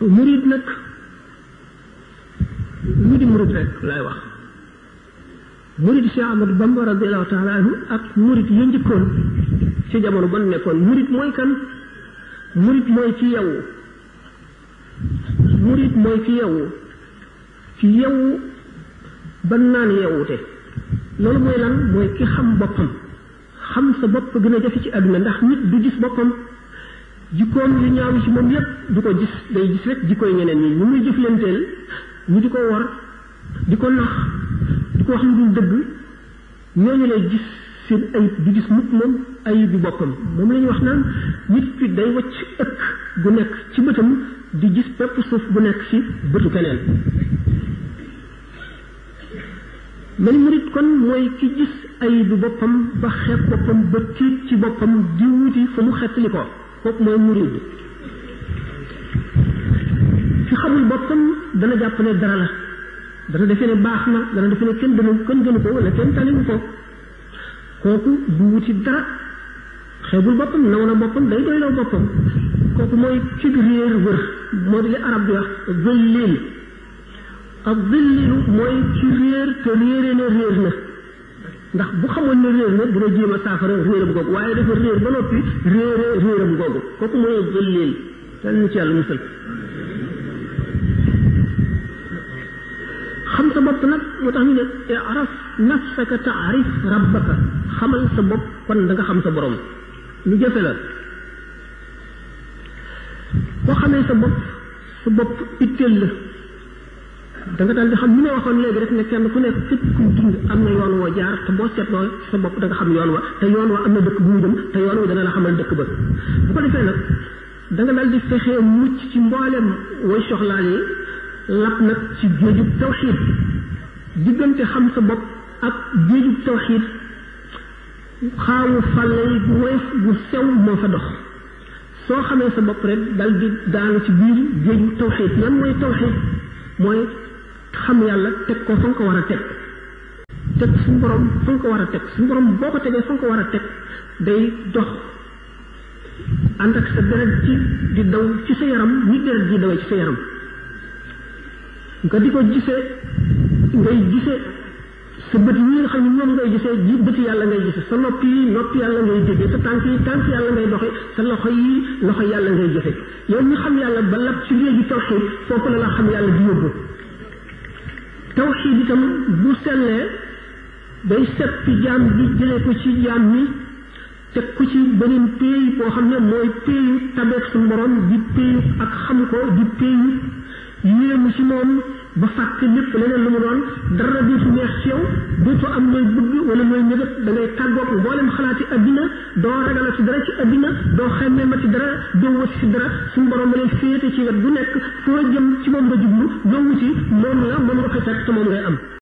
murid nag ñu di murid rek lay wax murid Cheikh Ahmadou Bamba radiyallahu taala ak murid ya njëkkoon ci jamono ban nekkoon murid mooy kan murid mooy ci yewu murid mooy ci yewu ci yewu ban naan yewute loolu mooy lan mooy ki xam boppam xam sa bopp gën a jafe ci àdduna ndax nit du gis boppam jikkoom yu ñaaw ci moom yépp du ko gis day gis rek jikkooy ñeneen ñi ñu muy jëflanteel ñu di ko war di ko nax di ko wax lu dul dëgg ñooñu lay gis seen ayib du gis mukk moom ayib bi boppam moom la ñu wax naan nit ki day wacc ëkk gu nekk ci bëtam di gis pepp suuf bu nekk ci bëtu keneen mel murit kon mooy ki gis ayib bi boppam ba xeeb boppam ba tiit ci boppam di wuti fa mu xettali ko kooku mooy murid ci xamul boppam dana jàpp ne dara la dana defe ne baax na dana defe ne kenn dana kenn gënu ko wala kenn taliwu ko kooku du wuti dara xeebul boppam naw na boppam day doyloo boppam kooku mooy ci réer wër moo di li arab di wax zëllil ak zëllilu mooy ci réer te réere ne réer na ndax bu xamoon ne réer na dina jéem a saafara réeram googu waaye dafa réer ba noppi réere réeram googu kooku mooy jël leen tan ñu ci yàlla musal xam sa bopp nag moo tax ñu ne araf nafsaka taarif rabbaka xamal sa bopp kon da nga xam sa borom lu jafe la boo xamee sa bopp sa bopp itteel la da nga daal di xam li ma waxoon léegi rek ne kenn ku nekk képp kuy dund am na jaar te boo seetloo sa bopp da nga xam yoon wa te yoon wa am na dëkk bu ñu jëm te yoon wi dana la ko defee nag da nga daal di fexee mucc ci mboolem way soxlaal yi lap nag ci géejub tawxiid diggante xam sa bopp ak géejub tawxiid xaawu fàlle bu xamee sa bopp rek dal di daanu ci biir géeju mooy tawxiid mooy xam yàlla teg ko fa nga ko war a teg teg suñu borom fa nga ko war a teg suñu borom boo ko tegee fa nga ko war a teg day dox ànd ak sa deret ci di daw ci sa yaram ni deret ji dawee ci sa yaram nga di ko gisee ngay gisee sa bët yi nga xam ne ñoom ngay gisee ji bëti yàlla ngay gisee sa nopp yi nopp yàlla ngay déggee sa tànk yi tànk yàlla ngay doxe sa loxo yi loxo yàlla ngay jëfe yow ñu xam yàlla ba lab ci léegi tawxiid foofu la la xam yàlla di yóbbu tawxiid itam bu sellee day seppi jaam bi jëlee ko ci jaam mi teg ko ci beneen péey boo xam ne mooy péeyu tabeek suñu borom di péeyu ak xam ko di péeyu yéemu ci moom ba fàtte lépp leneen lu mu doon dara dootu neex ci yow dootu am looy bëgg wala looy ñëbët da ngay tàggoog mboolem xalaati addina doo ragala ci dara ci addina doo xemmee ma ci dara doo wut ci dara suñu borom ba lay féete ci wet bu nekk foo jëm ci moom nga jublu doo wuti moom la moom nga koy fekk te moom ngay am